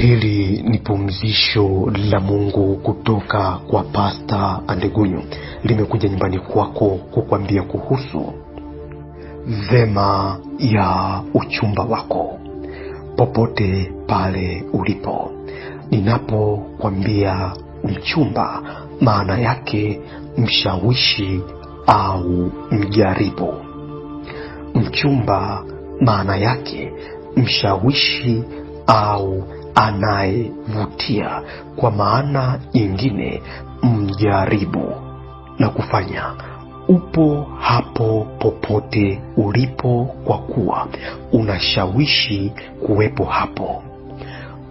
Hili ni pumzisho la Mungu kutoka kwa Pasta Andegunyu, limekuja nyumbani kwako kukwambia kuhusu vema ya uchumba wako, popote pale ulipo. Ninapokwambia mchumba, maana yake mshawishi au mjaribu. Mchumba maana yake mshawishi au anayevutia. Kwa maana nyingine, mjaribu na kufanya upo hapo popote ulipo, kwa kuwa unashawishi kuwepo hapo.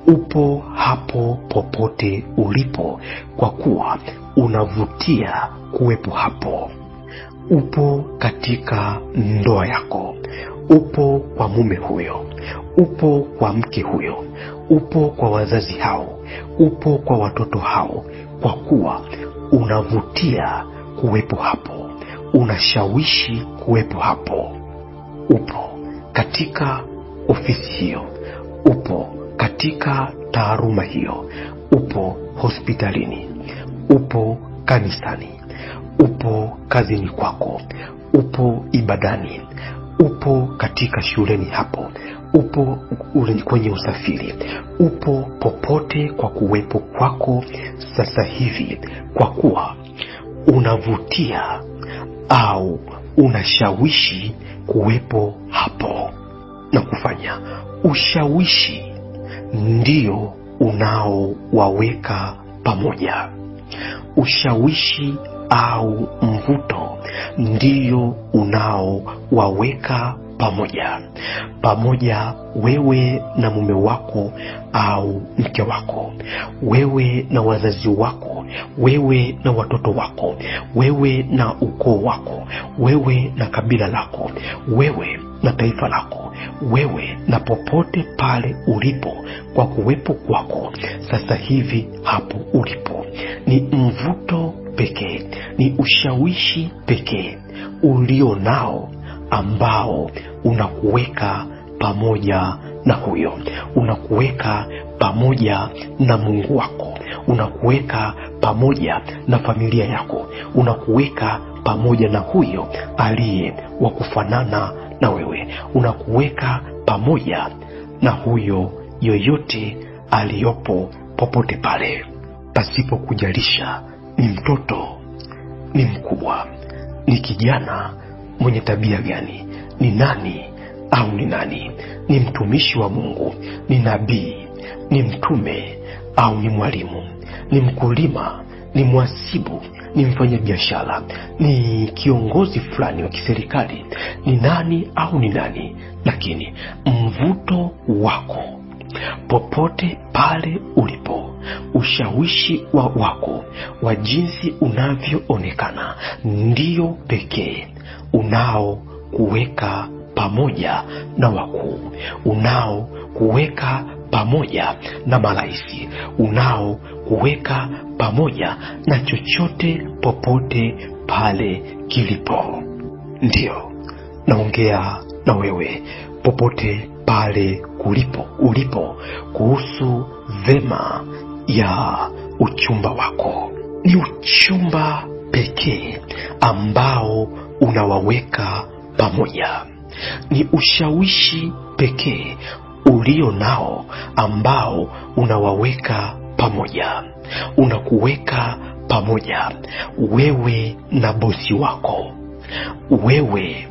Upo hapo popote ulipo, kwa kuwa unavutia kuwepo hapo. Upo katika ndoa yako, upo kwa mume huyo upo kwa mke huyo, upo kwa wazazi hao, upo kwa watoto hao, kwa kuwa unavutia kuwepo hapo, unashawishi kuwepo hapo. Upo katika ofisi hiyo, upo katika taaruma hiyo, upo hospitalini, upo kanisani, upo kazini kwako, upo ibadani, upo katika shuleni hapo upo kwenye usafiri, upo popote kwa kuwepo kwako sasa hivi, kwa kuwa unavutia au unashawishi kuwepo hapo na kufanya ushawishi, ndio unaowaweka pamoja. Ushawishi au mvuto ndio unaowaweka pamoja pamoja, wewe na mume wako au mke wako, wewe na wazazi wako, wewe na watoto wako, wewe na ukoo wako, wewe na kabila lako, wewe na taifa lako, wewe na popote pale ulipo, kwa kuwepo kwako sasa hivi hapo ulipo, ni mvuto pekee, ni ushawishi pekee ulio nao ambao unakuweka pamoja na huyo, unakuweka pamoja na Mungu wako, unakuweka pamoja na familia yako, unakuweka pamoja na huyo aliye wa kufanana na wewe, unakuweka pamoja na huyo yoyote aliyopo popote pale, pasipo kujalisha ni mtoto, ni mkubwa, ni kijana mwenye tabia gani? Ni nani au ni nani? Ni mtumishi wa Mungu? Ni nabii? Ni mtume au ni mwalimu? Ni mkulima? Ni mwasibu Ni mfanyabiashara? Ni kiongozi fulani wa kiserikali? Ni nani au ni nani? Lakini mvuto wako popote pale ulipo, ushawishi wa wako wa jinsi unavyoonekana ndiyo pekee unaokuweka pamoja na wakuu unaokuweka pamoja na unao unaokuweka pamoja na chochote popote pale kilipo. Ndiyo, naongea na wewe popote pale kulipo ulipo, kuhusu vema ya uchumba wako. Ni uchumba pekee ambao unawaweka pamoja. Ni ushawishi pekee ulio nao ambao unawaweka pamoja, unakuweka pamoja wewe na bosi wako, wewe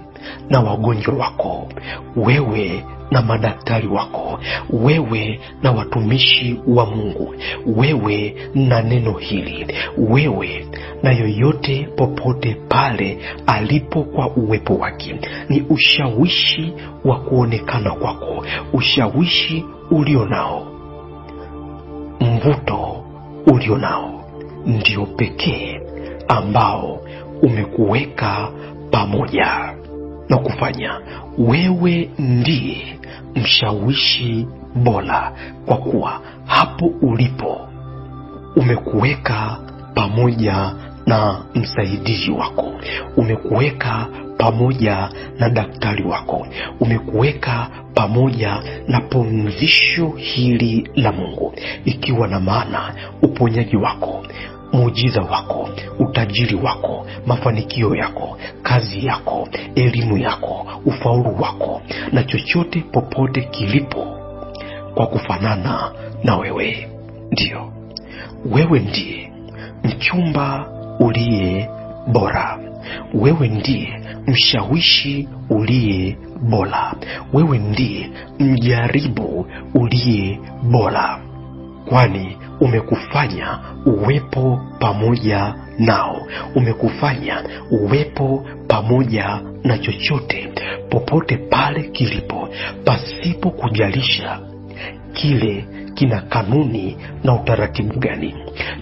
na wagonjwa wako, wewe na madaktari wako, wewe na watumishi wa Mungu, wewe na neno hili, wewe na yoyote popote pale alipo kwa uwepo wake. Ni ushawishi wa kuonekana kwako, ushawishi ulio nao, mvuto ulio nao, ndio pekee ambao umekuweka pamoja na kufanya wewe ndiye mshawishi bora, kwa kuwa hapo ulipo umekuweka pamoja na msaidizi wako, umekuweka pamoja na daktari wako, umekuweka pamoja na pumzisho hili la Mungu, ikiwa na maana uponyaji wako muujiza wako, utajiri wako, mafanikio yako, kazi yako, elimu yako, ufaulu wako na chochote popote kilipo kwa kufanana na wewe. Ndiyo, wewe ndiye mchumba uliye bora. Wewe ndiye mshawishi uliye bora. Wewe ndiye mjaribu uliye bora, kwani umekufanya uwepo pamoja nao, umekufanya uwepo pamoja na chochote popote pale kilipo, pasipo kujalisha kile kina kanuni na utaratibu gani,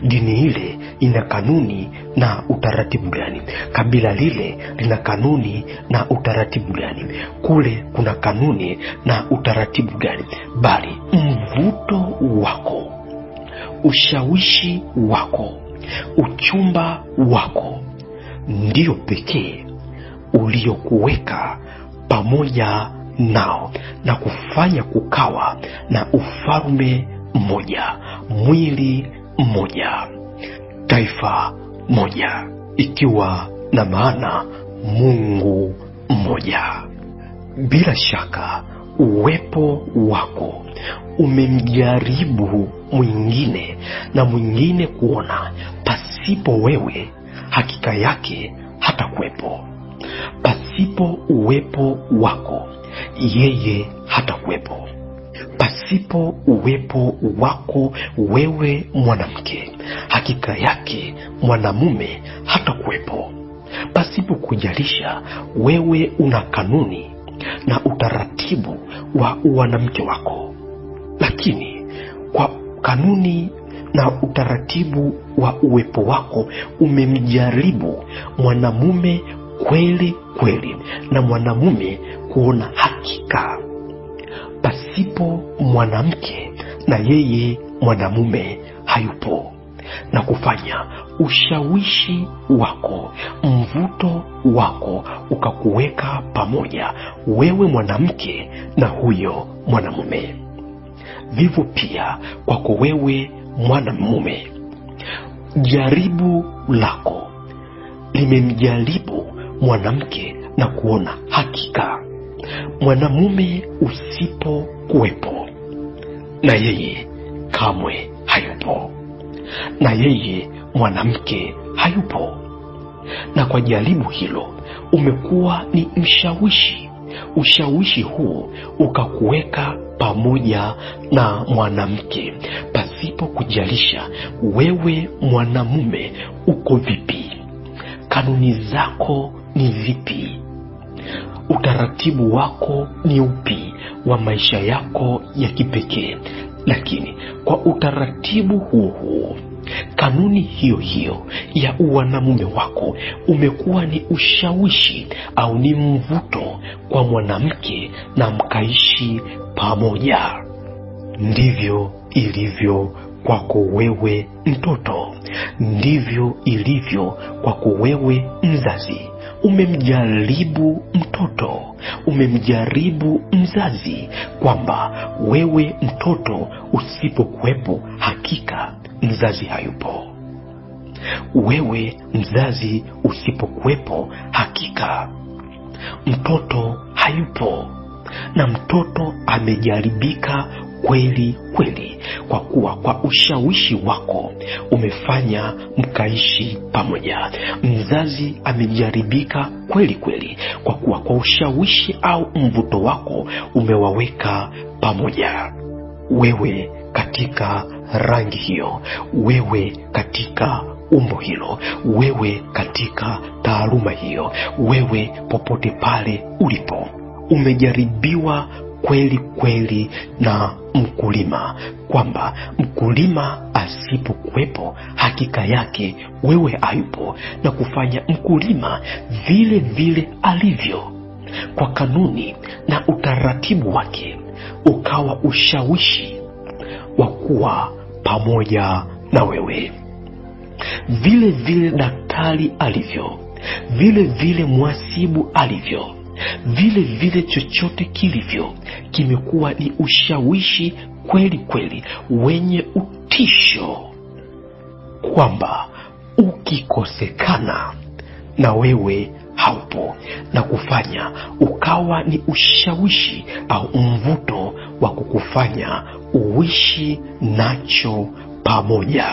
dini ile ina kanuni na utaratibu gani, kabila lile lina kanuni na utaratibu gani, kule kuna kanuni na utaratibu gani, bali mvuto wako ushawishi wako, uchumba wako ndio pekee uliokuweka pamoja nao na kufanya kukawa na ufalme mmoja, mwili mmoja, taifa moja, ikiwa na maana Mungu mmoja. Bila shaka uwepo wako umemjaribu mwingine na mwingine kuona pasipo wewe hakika yake hata kuwepo Pasipo uwepo wako yeye hata kuwepo Pasipo uwepo wako wewe mwanamke, hakika yake mwanamume hata kuwepo Pasipo kujalisha, wewe una kanuni na utaratibu wa wanamke wako, lakini kwa kanuni na utaratibu wa uwepo wako umemjaribu mwanamume kweli kweli, na mwanamume kuona hakika pasipo mwanamke na yeye mwanamume hayupo, na kufanya ushawishi wako, mvuto wako ukakuweka pamoja wewe mwanamke na huyo mwanamume. Vivyo pia kwako wewe mwanamume, jaribu lako limemjaribu mwanamke na kuona hakika mwanamume usipokuwepo na yeye kamwe hayupo, na yeye mwanamke hayupo, na kwa jaribu hilo umekuwa ni mshawishi. Ushawishi huu ukakuweka pamoja na mwanamke pasipo kujalisha wewe mwanamume uko vipi, kanuni zako ni zipi, utaratibu wako ni upi wa maisha yako ya kipekee, lakini kwa utaratibu huo huo Kanuni hiyo hiyo ya uwanamume wako umekuwa ni ushawishi au ni mvuto kwa mwanamke na mkaishi pamoja. Ndivyo ilivyo kwako wewe mtoto, ndivyo ilivyo kwako wewe mzazi, umemjaribu mtoto, umemjaribu mzazi, kwamba wewe mtoto usipokuwepo, hakika mzazi hayupo. Wewe mzazi usipokuwepo, hakika mtoto hayupo, na mtoto amejaribika kweli kweli, kwa kuwa kwa ushawishi wako umefanya mkaishi pamoja. Mzazi amejaribika kweli kweli, kwa kuwa kwa ushawishi au mvuto wako umewaweka pamoja, wewe katika rangi hiyo, wewe katika umbo hilo, wewe katika taaluma hiyo, wewe popote pale ulipo umejaribiwa kweli kweli na mkulima, kwamba mkulima asipokuwepo hakika yake wewe hayupo, na kufanya mkulima vile vile alivyo kwa kanuni na utaratibu wake ukawa ushawishi wa kuwa pamoja na wewe vile vile daktari alivyo, vile vile mwasibu alivyo, vile vile chochote kilivyo kimekuwa ni ushawishi kweli kweli wenye utisho, kwamba ukikosekana na wewe haupo, na kufanya ukawa ni ushawishi au mvuto wa kukufanya uishi nacho pamoja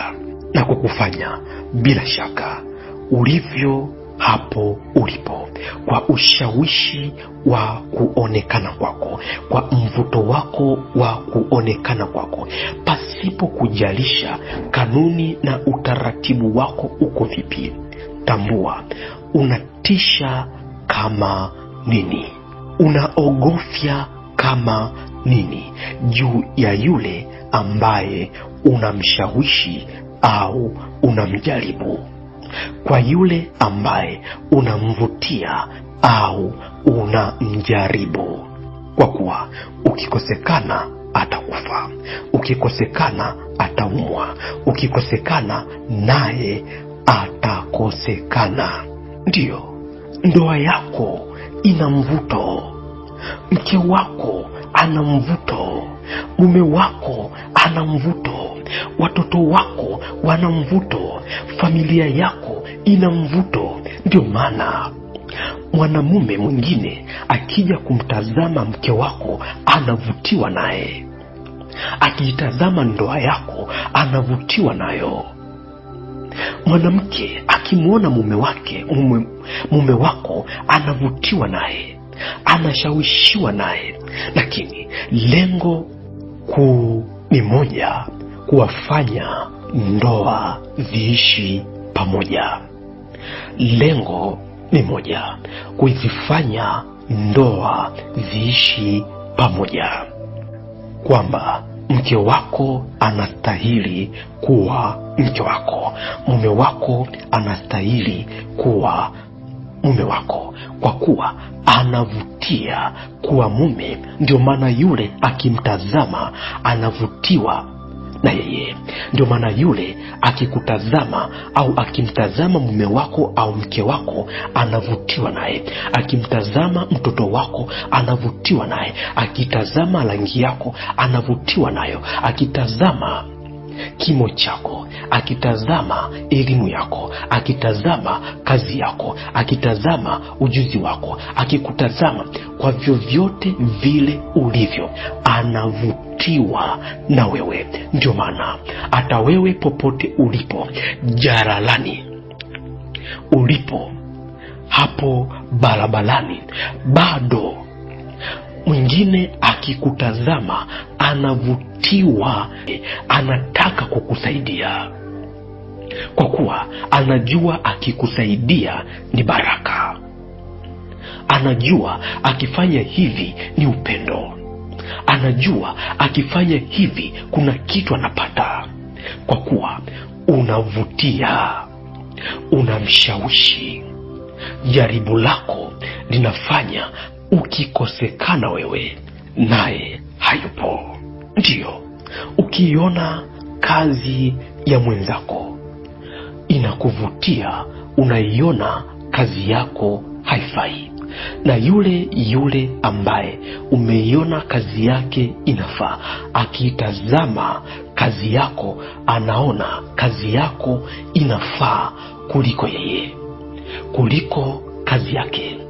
na kukufanya bila shaka ulivyo hapo ulipo, kwa ushawishi wa kuonekana kwako, kwa mvuto wako wa kuonekana kwako, pasipo kujalisha kanuni na utaratibu wako uko vipi. Tambua unatisha kama nini, unaogofya kama nini juu ya yule ambaye unamshawishi au unamjaribu kwa yule ambaye unamvutia au unamjaribu, kwa kuwa ukikosekana atakufa, ukikosekana ataumwa, ukikosekana naye atakosekana. Ndiyo, ndoa yako ina mvuto, mke wako ana mvuto, mume wako ana mvuto watoto wako wana mvuto, familia yako ina mvuto. Ndio maana mwanamume mwingine akija kumtazama mke wako anavutiwa naye, akiitazama ndoa yako anavutiwa nayo. Mwanamke akimwona mume wake mume, mume wako anavutiwa naye, anashawishiwa naye, lakini lengo kuu ni moja, kuwafanya ndoa ziishi pamoja. Lengo ni moja, kuzifanya ndoa ziishi pamoja, kwamba mke wako anastahili kuwa mke wako, mume wako anastahili kuwa mume wako, kwa kuwa anavutia kuwa mume. Ndio maana yule akimtazama anavutiwa na yeye. Ndio maana yule akikutazama au akimtazama mume wako au mke wako anavutiwa naye, akimtazama mtoto wako anavutiwa naye, akitazama rangi yako anavutiwa nayo, akitazama kimo chako, akitazama elimu yako, akitazama kazi yako, akitazama ujuzi wako, akikutazama kwa vyovyote vile ulivyo, anavutiwa na wewe. Ndio maana hata wewe popote ulipo, jaralani ulipo, hapo barabarani, bado Mwingine akikutazama anavutiwa, anataka kukusaidia kwa kuwa anajua akikusaidia ni baraka, anajua akifanya hivi ni upendo, anajua akifanya hivi kuna kitu anapata, kwa kuwa unavutia, unamshawishi. Jaribu lako linafanya ukikosekana wewe, naye hayupo. Ndiyo, ukiiona kazi ya mwenzako inakuvutia, unaiona kazi yako haifai na yule yule ambaye umeiona kazi yake inafaa, akiitazama kazi yako anaona kazi yako inafaa kuliko yeye, kuliko kazi yake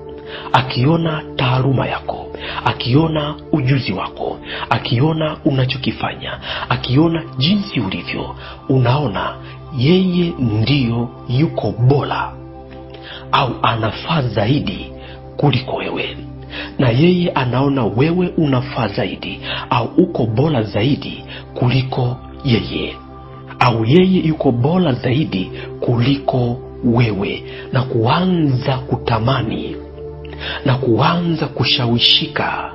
akiona taaluma yako, akiona ujuzi wako, akiona unachokifanya, akiona jinsi ulivyo, unaona yeye ndiyo yuko bora au anafaa zaidi kuliko wewe, na yeye anaona wewe unafaa zaidi au uko bora zaidi kuliko yeye au yeye yuko bora zaidi kuliko wewe, na kuanza kutamani na kuanza kushawishika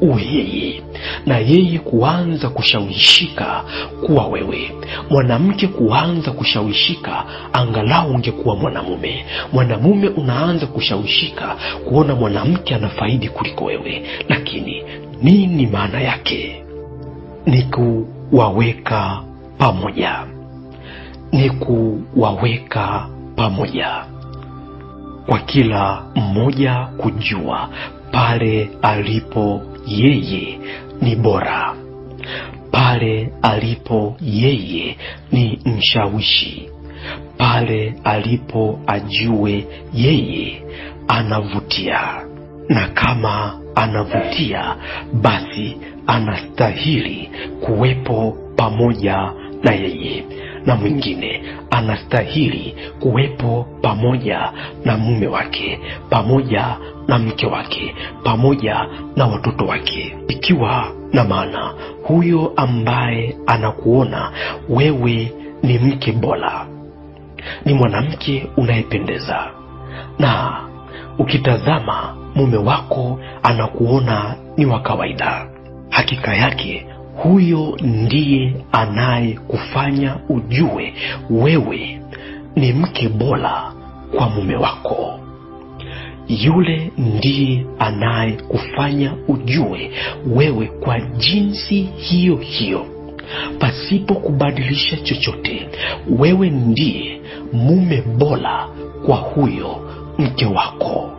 uwe yeye na yeye kuanza kushawishika kuwa wewe, mwanamke kuanza kushawishika angalau ungekuwa mwanamume, mwanamume unaanza kushawishika kuona mwanamke anafaidi kuliko wewe. Lakini nini maana yake? Ni kuwaweka pamoja, ni kuwaweka pamoja kwa kila mmoja kujua pale alipo yeye ni bora, pale alipo yeye ni mshawishi, pale alipo ajue yeye anavutia, na kama anavutia basi anastahili kuwepo pamoja na yeye na mwingine anastahili kuwepo pamoja na mume wake, pamoja na mke wake, pamoja na watoto wake, ikiwa na maana huyo ambaye anakuona wewe ni mke bora, ni mwanamke unayependeza, na ukitazama mume wako anakuona ni wa kawaida, hakika yake huyo ndiye anayekufanya ujue wewe ni mke bora kwa mume wako yule ndiye anayekufanya ujue wewe kwa jinsi hiyo hiyo pasipo kubadilisha chochote wewe ndiye mume bora kwa huyo mke wako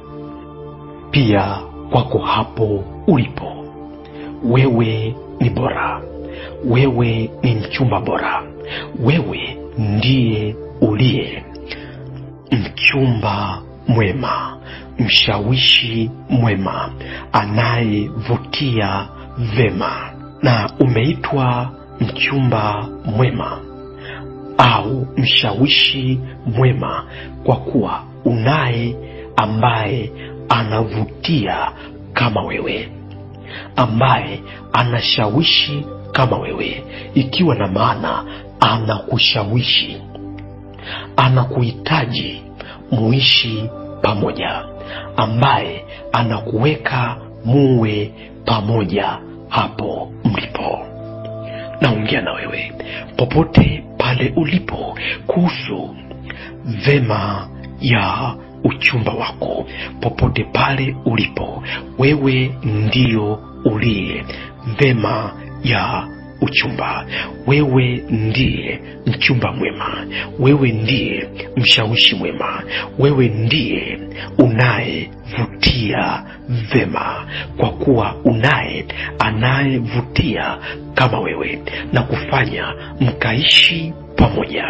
pia kwako hapo ulipo wewe ni bora. Wewe ni mchumba bora, wewe ndiye uliye mchumba mwema, mshawishi mwema, anayevutia vema. Na umeitwa mchumba mwema au mshawishi mwema, kwa kuwa unaye ambaye anavutia kama wewe ambaye anashawishi kama wewe, ikiwa na maana anakushawishi, anakuhitaji muishi pamoja, ambaye anakuweka muwe pamoja hapo mlipo. Naongea na wewe popote pale ulipo kuhusu vema ya uchumba wako popote pale ulipo. Wewe ndio uliye vema ya uchumba. Wewe ndiye mchumba mwema, wewe ndiye mshawishi mwema, wewe ndiye unayevutia vema, kwa kuwa unaye anayevutia kama wewe, na kufanya mkaishi pamoja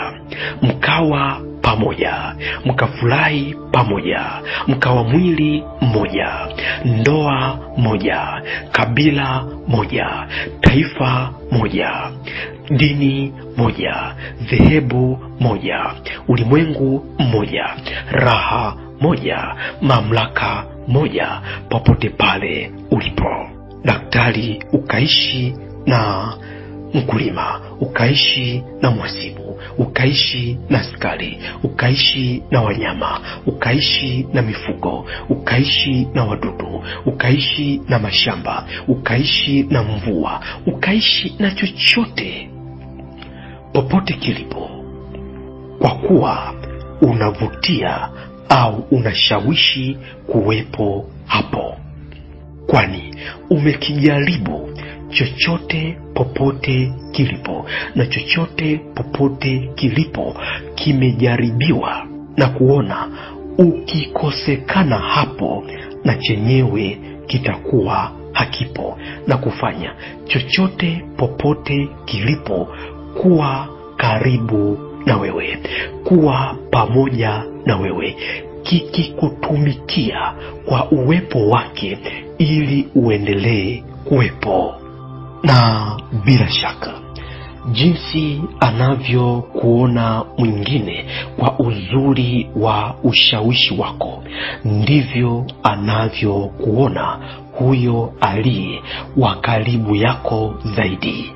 mkawa pamoja, mkafurahi pamoja, mkawa mwili mmoja, ndoa moja, kabila moja, taifa moja, dini moja, dhehebu moja, ulimwengu mmoja, raha moja, mamlaka moja, popote pale ulipo. Daktari ukaishi na mkulima, ukaishi na mwasibu ukaishi na askari, ukaishi na wanyama, ukaishi na mifugo, ukaishi na wadudu, ukaishi na mashamba, ukaishi na mvua, ukaishi na chochote popote kilipo, kwa kuwa unavutia au unashawishi kuwepo hapo, kwani umekijaribu chochote popote kilipo, na chochote popote kilipo kimejaribiwa na kuona ukikosekana hapo, na chenyewe kitakuwa hakipo, na kufanya chochote popote kilipo kuwa karibu na wewe, kuwa pamoja na wewe, kikikutumikia kwa uwepo wake ili uendelee kuwepo na bila shaka jinsi anavyokuona mwingine kwa uzuri wa ushawishi wako, ndivyo anavyokuona huyo aliye wa karibu yako zaidi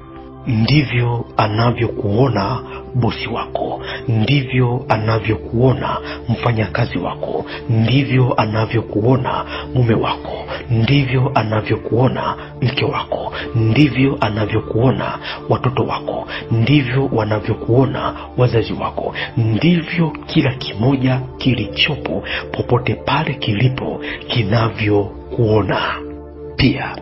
ndivyo anavyokuona bosi wako, ndivyo anavyokuona mfanyakazi wako, ndivyo anavyokuona mume wako, ndivyo anavyokuona mke wako, ndivyo anavyokuona watoto wako, ndivyo wanavyokuona wazazi wako, ndivyo kila kimoja kilichopo popote pale kilipo kinavyokuona pia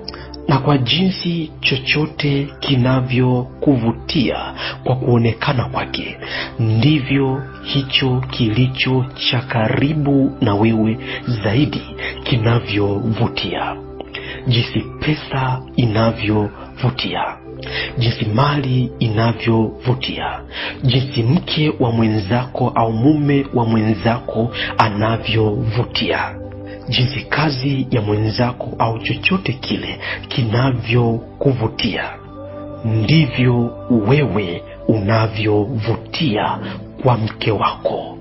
na kwa jinsi chochote kinavyokuvutia kwa kuonekana kwake, ndivyo hicho kilicho cha karibu na wewe zaidi kinavyovutia. Jinsi pesa inavyovutia, jinsi mali inavyovutia, jinsi mke wa mwenzako au mume wa mwenzako anavyovutia jinsi kazi ya mwenzako au chochote kile kinavyokuvutia ndivyo wewe unavyovutia kwa mke wako,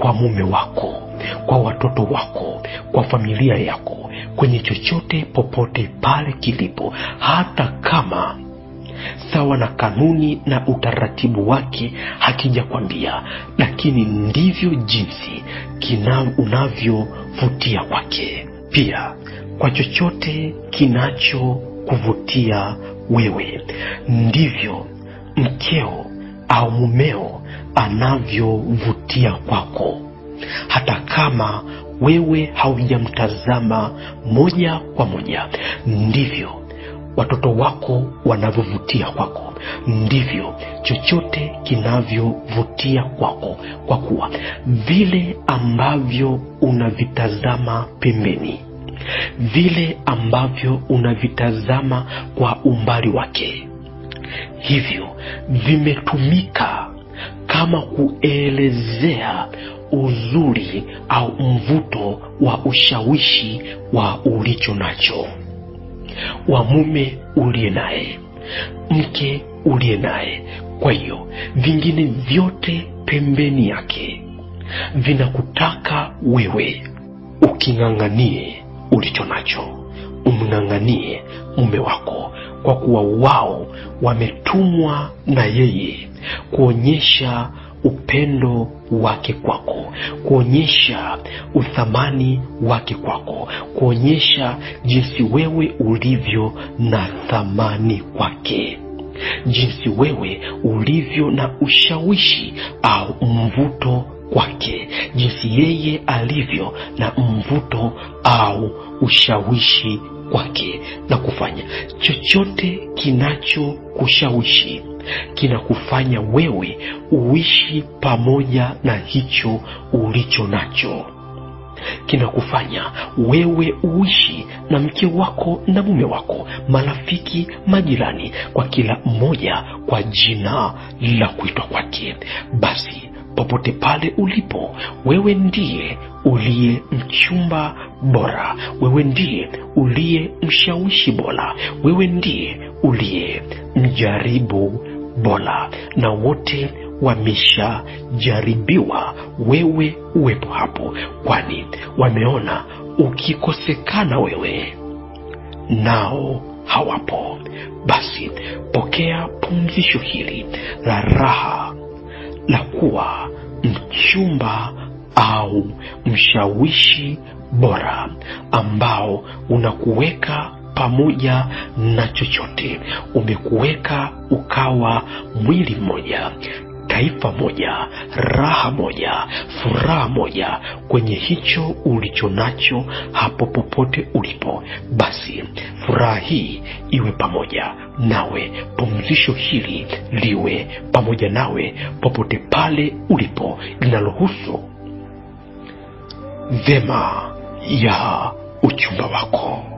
kwa mume wako, kwa watoto wako, kwa familia yako, kwenye chochote popote pale kilipo, hata kama sawa na kanuni na utaratibu wake hakijakwambia, lakini ndivyo jinsi kina unavyovutia kwake. Pia kwa chochote kinachokuvutia wewe, ndivyo mkeo au mumeo anavyovutia kwako, hata kama wewe haujamtazama moja kwa moja, ndivyo watoto wako wanavyovutia kwako, ndivyo chochote kinavyovutia kwako, kwa kuwa vile ambavyo unavitazama pembeni, vile ambavyo unavitazama kwa umbali wake, hivyo vimetumika kama kuelezea uzuri au mvuto wa ushawishi wa ulicho nacho wa mume uliye naye, mke uliye naye. Kwa hiyo vingine vyote pembeni yake vinakutaka wewe uking'ang'anie ulicho nacho, umng'ang'anie mume wako, kwa kuwa wao wametumwa na yeye kuonyesha upendo wake kwako, kuonyesha uthamani wake kwako, kuonyesha jinsi wewe ulivyo na thamani kwake jinsi wewe ulivyo na ushawishi au mvuto kwake, jinsi yeye alivyo na mvuto au ushawishi kwake, na kufanya chochote kinachokushawishi kinakufanya wewe uishi pamoja na hicho ulicho nacho kinakufanya wewe uishi na mke wako na mume wako, marafiki, majirani, kwa kila mmoja kwa jina la kuitwa kwake. Basi popote pale ulipo, wewe ndiye uliye mchumba bora, wewe ndiye uliye mshawishi bora, wewe ndiye uliye mjaribu bora, na wote wameshajaribiwa, wewe uwepo hapo, kwani wameona ukikosekana wewe nao hawapo. Basi pokea pumzisho hili la raha la kuwa mchumba au mshawishi bora ambao unakuweka pamoja na chochote, umekuweka ukawa mwili mmoja taifa moja, raha moja, furaha moja kwenye hicho ulicho nacho hapo popote ulipo. Basi furaha hii iwe pamoja nawe, pumzisho hili liwe pamoja nawe popote pale ulipo, linalohusu vema ya uchumba wako.